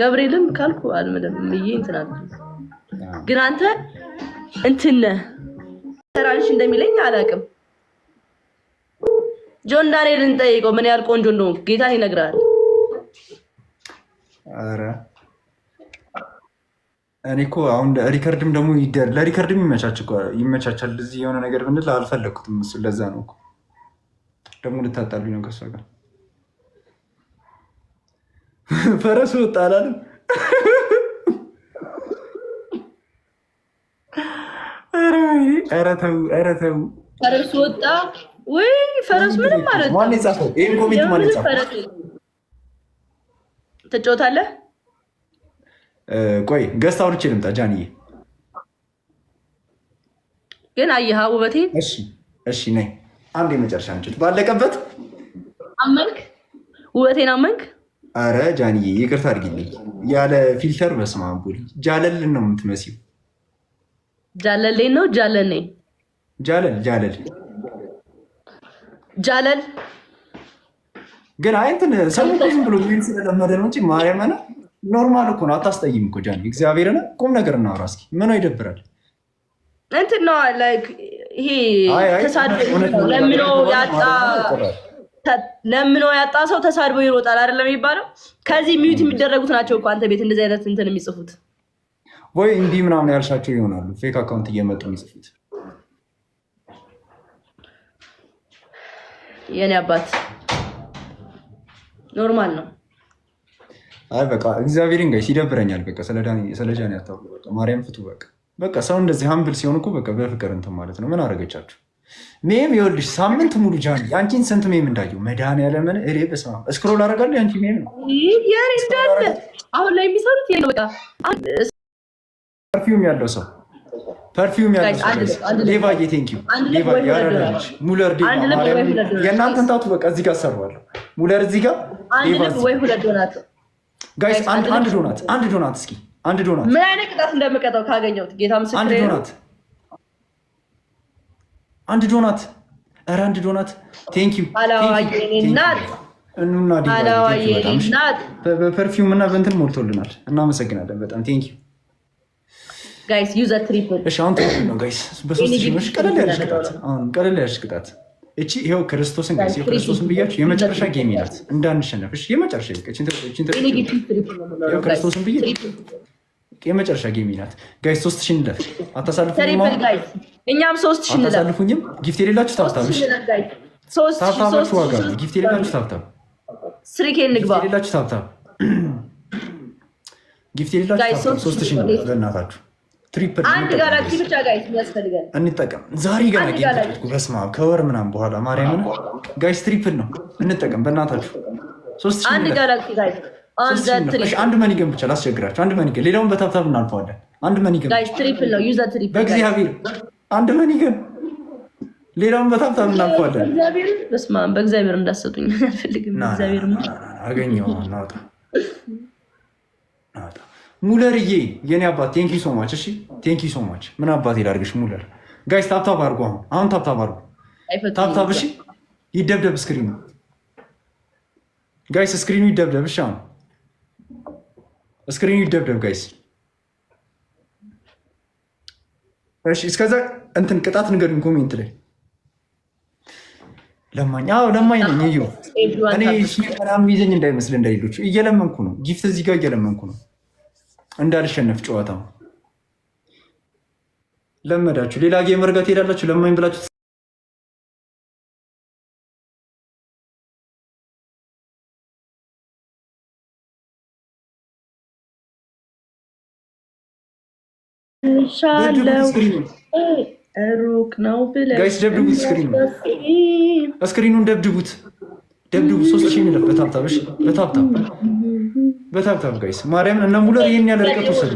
ገብርኤልም ካልኩ አልምልም ይ እንትን ግን አንተ እንትነ ተራልሽ እንደሚለኝ አላውቅም። ጆን ዳንኤልን ጠይቀው ምን ያህል ቆንጆ እንደሆ ጌታን ይነግራል። ኧረ እኔ እኮ አሁን ሪከርድም ደግሞ ለሪከርድም ይመቻች ይመቻቻል። እዚህ የሆነ ነገር ብንል አልፈለግኩትም። እሱ ለዛ ነው ደግሞ ልታጣሉኝ ነው ከሷ ጋር ፈረሱ ወጣ አላለም። ኧረ ተው ኧረ ተው፣ ወጣ ወይ ምንም ማለት ነው። ማን የጻፈው ማን የጻፈው? ትጫወታለህ? ቆይ ገዝታ አውርቼ ልምጣ። ጃንዬ ግን አየህ ውበቴን። እሺ እሺ፣ ነይ አንድ የመጨረሻ እንጭት ባለቀበት። አመንክ? ውበቴን አመንክ? አረ ጃንዬ ይቅርታ አድርጊልኝ። ያለ ፊልተር በስመ አብ ጃለልን ነው የምትመሲው። ጃለሌ ነው ጃለኔ ጃለል ጃለል ጃለል ግን አይንትን እንትን ዝም ብሎ ሚል ስለለመደ ነው እንጂ ማርያም ኖርማል እኮ ነው። አታስጠይም እኮ ጃኒ። እግዚአብሔር ነ ቁም ነገር እናወራ እስኪ። ምኗ ይደብራል? እንትን ነው ይሄ ተሳድ ለምኖ ያጣ ለምነው ያጣ ሰው ተሳድቦ ይሮጣል አይደለም የሚባለው። ከዚህ ሚዩት የሚደረጉት ናቸው እኮ አንተ ቤት እንደዚህ አይነት እንትን የሚጽፉት ወይ እንዲህ ምናምን ያልሻቸው ይሆናሉ። ፌክ አካውንት እየመጡ የሚጽፉት የኔ አባት ኖርማል ነው። አይ በቃ እግዚአብሔር ጋይስ ይደብረኛል። በቃ ስለጃን ጃኒ በቃ ማርያም ፍቱ። በቃ በቃ ሰው እንደዚህ ሀምብል ሲሆን እኮ በቃ በፍቅር እንትን ማለት ነው። ምን አደረገቻችሁ? ሜም ይኸውልሽ፣ ሳምንት ሙሉ ጃኒ የአንቺን ስንት ሜም እንዳየሁ መድኃኒዓለምን እሬ በስመ አብ እስክሮል አደርጋለሁ። የአንቺ ሜም ነው እንዳለ አሁን ላይ የሚሰሩት ፐርፊውም ያለው ሰው ፐርፊውም ያለው ሰው ሌቫዬ፣ ቴንክ ዩ ሌቫዬ። ሙለር የእናንተን ታቱ በቃ እዚህ ጋር ሰራዋለሁ። ሙለር እዚህ ጋር ጋይስ፣ አንድ ዶናት፣ አንድ ዶናት፣ እስኪ አንድ ዶናት። ምን አይነት ቅጣት እንደምቀጣው ካገኘሁት ጌታ አንድ ዶናት አንድ ዶናት፣ ኧረ አንድ ዶናት። ቴንክ ዩ በፐርፊውም እና በእንትን ሞልቶልናል። እናመሰግናለን በጣም ቴንክ ዩ ቀለል ያለች ቅጣት፣ እቺ ይኸው ክርስቶስን ጋይስ፣ ክርስቶስን ብያችሁ የመጨረሻ ጌም ናት እንዳንሸነፍሽ፣ የመጨረሻ ይበቃ። ክርስቶስን ብዬ የመጨረሻ ጌሚ ናት ጋይ ሶስት ሺህ እንለፍ። አታሳልፉኝም፣ አታሳልፉኝም። ጊፍት የሌላችሁ ታብታብሽ፣ ታብታባችሁ ዋጋ ጊፍት የሌላችሁ ታብታብ፣ የሌላችሁ ታብታብ፣ ጊፍት የሌላችሁ ሶስት ሺህ እንለፍ በእናታችሁ። ትሪፕል እንጠቀም ዛሬ ገና ጌም ተጫወትኩ። በስመ አብ ከወር ምናምን በኋላ ማርያምን ጋይስ፣ ትሪፕል ነው እንጠቀም በእናታችሁ ሶስት ሺ አንድ ሺህ አንድ መኒ ብቻ ላስቸግራቸው። አንድ መኒ ሌላውን በታብታብ እናልፈዋለን። አንድ መኒ በእግዚአብሔር አንድ መኒገን፣ ሌላውን በታብታብ እናልፈዋለን። በስመ አብ በእግዚአብሔር እንዳሰጡኝ አልፈልግም። እግዚአብሔር አገኘው ሙለርዬ የኔ አባት ቴንኪ ሶማች። እሺ ቴንኪ ሶማች። ምን አባት ላድርግሽ ሙለር። ጋይስ ታብታብ አድርጎ አሁን አሁን ታብታብ አድርጎ ታብታብ። እሺ ይደብደብ ስክሪኑ ጋይስ፣ ስክሪኑ ይደብደብ። እሺ አሁን እስክሪን ይደብደብ ጋይስ። እሺ እስከዛ እንትን ቅጣት ንገሩኝ ኮሜንት ላይ ለማኝ አዎ ለማኝ ነኝ። እዩ እኔ ምናምን ይዘኝ እንዳይመስል እንዳይሉች እየለመንኩ ነው። ጊፍት እዚህ ጋር እየለመንኩ ነው እንዳልሸነፍ ጨዋታው ለመዳችሁ። ሌላ ጌመር ጋር ትሄዳላችሁ ለማኝ ብላችሁ ሩቅ ነው ጋይስ ደብድቡት። ደብድቡት፣ ሶስት ሺህ በታብታብ በታብታብ በታብታብ ጋይስ እና ሙለር ያለ ርቀት ወሰድ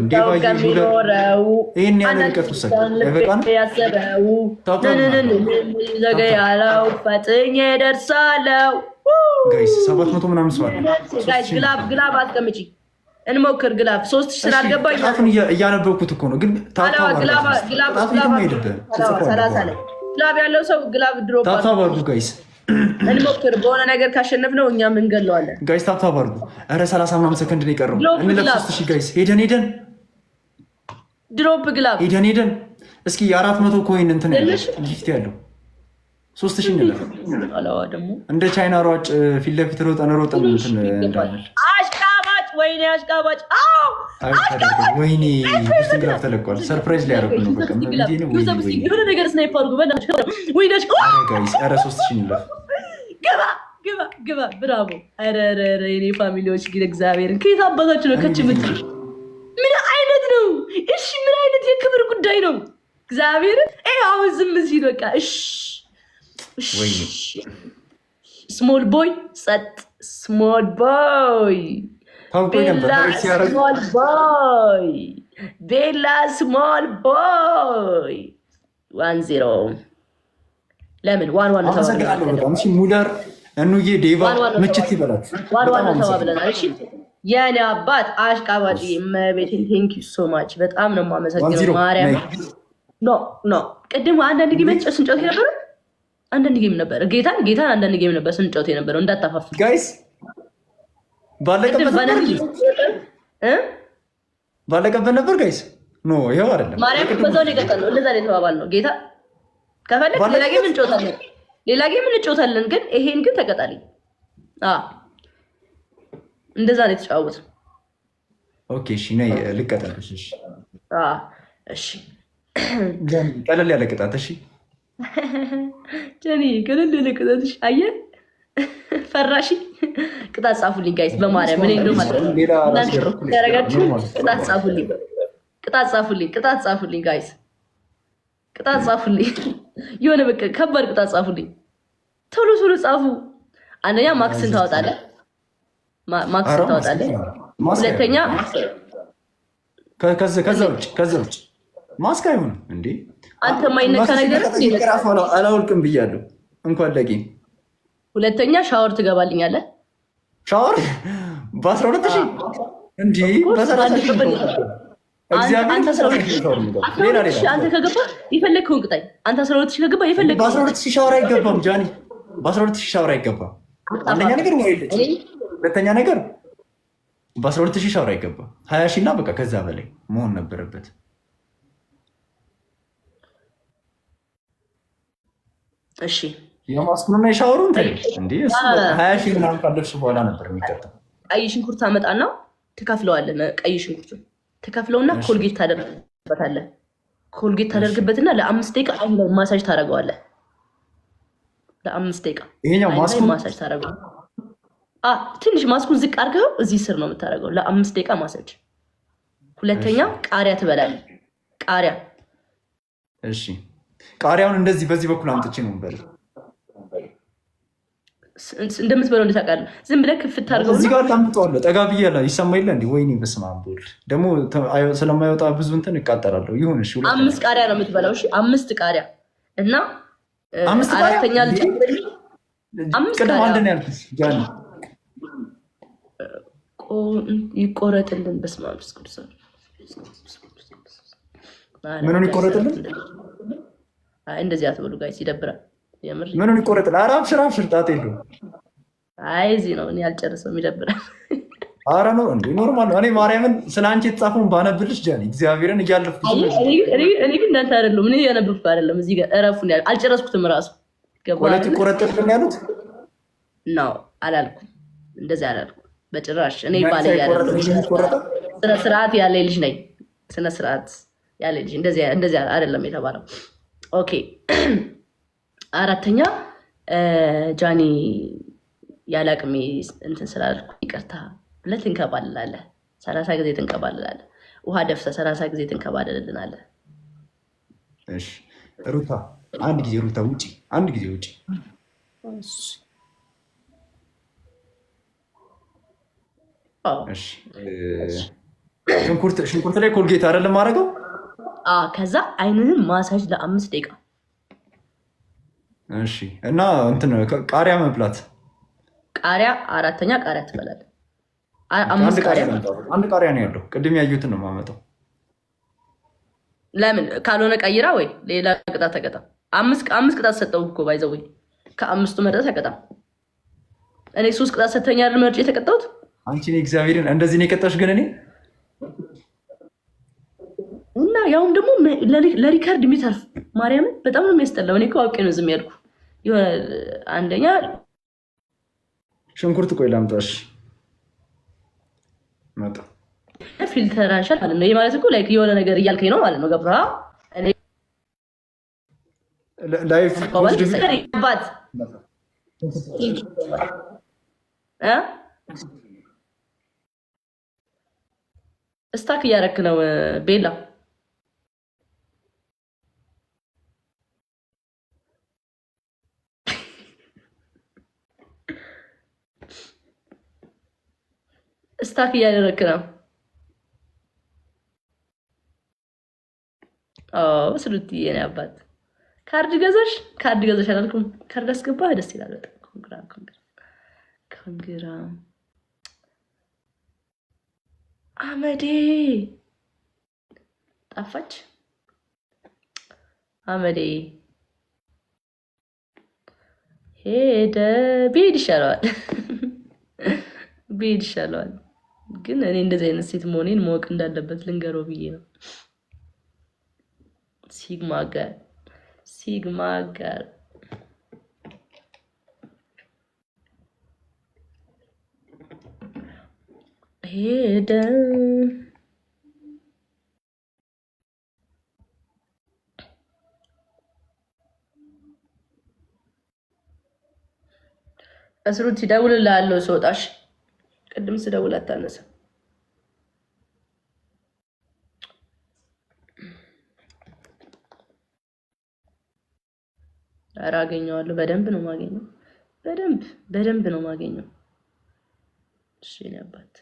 ያለ ርቀት ወሰድ ፈጥኜ ደርሳለው። ጋይስ ሰባት መቶ ምናምን ሰዋል። ግላብ ግላብ አስቀምጪ እንሞክር ግላፍ ሶስት ሺህ ስላልገባኝ ቅጣቱን እያነበብኩት እኮ ነው። ግን ግላፍ ያለው ሰው ግላብ ድሮ ታብታብ አድርጉ ጋይስ፣ እንሞክር በሆነ ነገር ካሸነፍ ነው እኛም እንገለዋለን። ጋይስ ታብታብ አድርጉ። ኧረ ሰላሳ ምናምን ሰከንድ ነው የቀረው። እንለፍ ሶስት ሺህ ጋይስ፣ ሄደን ሄደን ድሮፕ ግላብ ሄደን ሄደን እስኪ የአራት መቶ ኮይን እንትን ጊፍት ያለው ሶስት ሺህ እንለፍ። እንደ ቻይና ሯጭ ፊት ለፊት ሮጠን ሮጠን እንትን እንዳለን ወይኔ አሽቃባጭ! አዎ ወይኔ ተለቋል። ሰርፕራይዝ ሊያደርጉ ነው። የሆነ ነገር ስናይፕ ግባ ግባ ግባ! ፋሚሊዎች ግን እግዚአብሔርን ከየት አባታችሁ ነው ከች ምት ምን አይነት ነው? እሺ ምን አይነት የክብር ጉዳይ ነው? እግዚአብሔርን አሁን ዝም ሲል በቃ ስሞል ቦይ ጸጥ ስሞል ቦይ ቤላ ስሞል ቦይ ዋን ዜሮ ለምን ዋን ዋን ሙለር እኑዬ ዴቫ ምችት ዋን ዋን ተባብለናል። እሺ የኔ አባት አሽቃባጭ መቤቴ ቴንክ ዩ ሶ ማች በጣም ነው የማመሰግነው። ማርያም ኖ ኖ ቅድም አንዳንድ ጌም ስንጮት የነበረ አንዳንድ ጌም ነበረ ጌታን ጌታን አንዳንድ ጌም ነበር ስንጨት የነበረው እንዳታፋፍ ጋይስ ባለቀበት ነበር ጋይስ ኖ ይኸው አይደለም። ማርያም በዛው እንደዛ ጌታ ከፈለግ ሌላ ጌም እንጮታለን፣ ሌላ ጌም ግን ይሄን ግን ተቀጣልኝ። እንደዛ ነው የተጫወት ኦኬ እሺ፣ ነይ ልቀጣልሽ። እሺ፣ እሺ፣ ቀለል ያለ ቅጣት። እሺ ጀኒ፣ ቀለል ያለ ቅጣት። እሺ፣ አየህ ፈራሽ ቅጣት ጻፉልኝ ጋይስ፣ በማርያም እኔ እንደውም ያረጋችሁ ቅጣት ጻፉልኝ፣ ቅጣት ጻፉልኝ፣ ቅጣት ጻፉልኝ ጋይስ፣ ቅጣት ጻፉልኝ። የሆነ በቃ ከባድ ቅጣት ጻፉልኝ። ቶሎ ቶሎ ጻፉ። አንደኛ ማክስን ታወጣለህ፣ ማክስን ታወጣለህ። ሁለተኛ ከዛ ውጭ ከዛ ውጭ ማስክ አይሆንም እንዴ አንተ ማይነካ ነገር ነው። አላውልቅም ብያለሁ እንኳን ለጌም ሁለተኛ ሻወር ትገባልኛለህ። ሻወር በአስራ ሁለት ሺህ እንዲህ አንተ የፈለግከውን ቅጣኝ። አንተ አስራ ሁለት ሺህ የፈለግከውን በአስራ ሁለት ሺህ ሻወር አይገባም ጃኒ፣ በአስራ ሁለት ሺህ ሻወር አይገባም። አንደኛ ነገር ሁለተኛ ነገር በአስራ ሁለት ሺህ ሻወር አይገባም። ሀያ ሺህ እና በቃ ከዛ በላይ መሆን ነበረበት። እሺ የማስኩንና የሻወሩ እንዲህ ሀያ ሺህ ምናምን ካለፍሽ በኋላ ነበር የሚቀጥለው። ቀይ ሽንኩርት አመጣና ትከፍለዋለህ። ቀይ ሽንኩርት ትከፍለውና ኮልጌት ታደርግበታለህ። ኮልጌት ታደርግበትና ለአምስት ደቂቃ አሁን ላይ ማሳጅ ታደርገዋለህ። ለአምስት ደቂቃ ይሄኛው ማስኩን ማሳጅ ታደርገዋለህ። ትንሽ ማስኩን ዝቅ አድርገው እዚህ ስር ነው የምታደርገው። ለአምስት ደቂቃ ማሳጅ። ሁለተኛ ቃሪያ ትበላለህ። ቃሪያ እሺ፣ ቃሪያውን እንደዚህ በዚህ በኩል አምጥቼ ነው በል እንደምትበለው እንደታውቃለህ። ዝም ብለህ ክፍት አድርገው እዚህ ጋር ታምጠዋለህ። ጠጋ ብያላ ይሰማ የለ እንዲ ወይኔ፣ በስመ አብ ወልድ ደግሞ ስለማይወጣ ብዙ እንትን እቃጠላለሁ። ይሁን እሺ፣ አምስት ቃሪያ ነው የምትበላው። እሺ፣ አምስት ቃሪያ እና አራተኛ ልጅ ቅድም አንድ ነው ያልኩት ይቆረጥልን። በስመ አብ ወልድ ቅዱስ ይቆረጥልን። እንደዚህ አትበሉ ጋይስ፣ ይደብራል። ምኑን ይቆረጥል? ኧረ አብሽር አብሽር፣ ጣት የለውም። አይ እዚህ ነው እኔ አልጨርሰውም፣ ይደብራል። ኧረ ነው እንደ ኖርማል ነው። እኔ ማርያምን ስለ አንቺ የተጻፈውን ባነብልሽ ጃኒ እግዚአብሔርን እያለፍኩ እኔ ግን እንዳንተ አይደለም። እኔ እያነበብኩ አይደለም። እዚህ ጋር እረፉን ያለ አልጨረስኩትም። ራሱ ቆለት ይቆረጥል ያሉት ነው አላልኩም። እንደዚህ አላልኩም በጭራሽ። እኔ ባለ ስነ ስርዓት ያለ ልጅ ነኝ። ስነ ስርዓት ያለ ልጅ እንደዚህ አይደለም የተባለው ኦኬ አራተኛ ጃኒ ያለ አቅሜ እንትን ስላልኩ ይቅርታ ብለህ ትንከባልላለህ። ሰላሳ ጊዜ ትንከባልላለህ። ውሃ ደፍሰህ ሰላሳ ጊዜ ትንከባልልናለህ። ሩታ አንድ ጊዜ ሩታ ውጪ፣ አንድ ጊዜ ውጪ። ሽንኩርት ላይ ኮልጌት አይደለም ማድረገው። ከዛ አይንህን ማሳጅ ለአምስት ደቂቃ እሺ። እና እንትን ቃሪያ መብላት ቃሪያ አራተኛ ቃሪያ ትበላል። አንድ ቃሪያ ነው ያለው። ቅድም ያዩትን ነው የማመጣው። ለምን ካልሆነ ቀይራ ወይ ሌላ ቅጣት ተቀጣ። አምስት ቅጣት ሰጠው እኮ ባይዘው ከአምስቱ መረጠ ተቀጣ። እኔ ሶስት ቅጣት ሰተኛ ያለ መርጭ የተቀጣሁት። አንቺ እግዚአብሔርን እንደዚህ ነው የቀጣሽ። ግን እኔ እና ያውም ደግሞ ለሪከርድ የሚተርፍ ማርያምን በጣም ነው የሚያስጠላው። እኔ እኮ አውቄ ነው ዝም ያልኩ የሆነ አንደኛ ሽንኩርት ቆይ ላምጣሽ መጣ ፊልተር ማለት ነው። ይህ ማለት እኮ ላይክ የሆነ ነገር እያልከኝ ነው ማለት ነው። ገብራ እስታክ እያረክ ነው ቤላ ስታክ እያደረግክ ነው። ስሉትዬ ነው አባት ካርድ ገዛሽ ካርድ ገዛሽ አላልኩም። ካርድ አስገባ፣ ደስ ይላል በጣም ኮንግራ ኮንግራ አመዴ ጣፋች አመዴ ሄደ ብሄድ ይሻለዋል ብሄድ ይሻለዋል። ግን እኔ እንደዚህ አይነት ሴት መሆኔን ማወቅ እንዳለበት ልንገረው ብዬ ነው። ሲግማ ጋር ሲግማ ጋር ሄደ እስሩት ሲደውልልሃለሁ ስወጣሽ ቅድም ስደውል አታነሳም። ኧረ አገኘዋለሁ። በደንብ ነው ማገኘው። በደንብ በደንብ ነው ማገኘው። እሺ አባት